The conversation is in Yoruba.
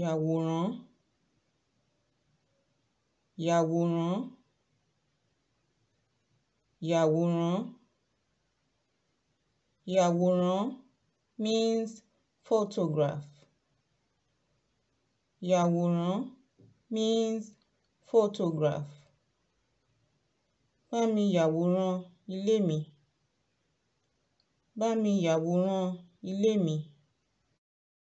yàwòrán yàwòrán yàwòrán yàwòrán means photograph yàwòrán means photograph bá mi yàwòrán ilé mi bá mi yàwòrán ilé mi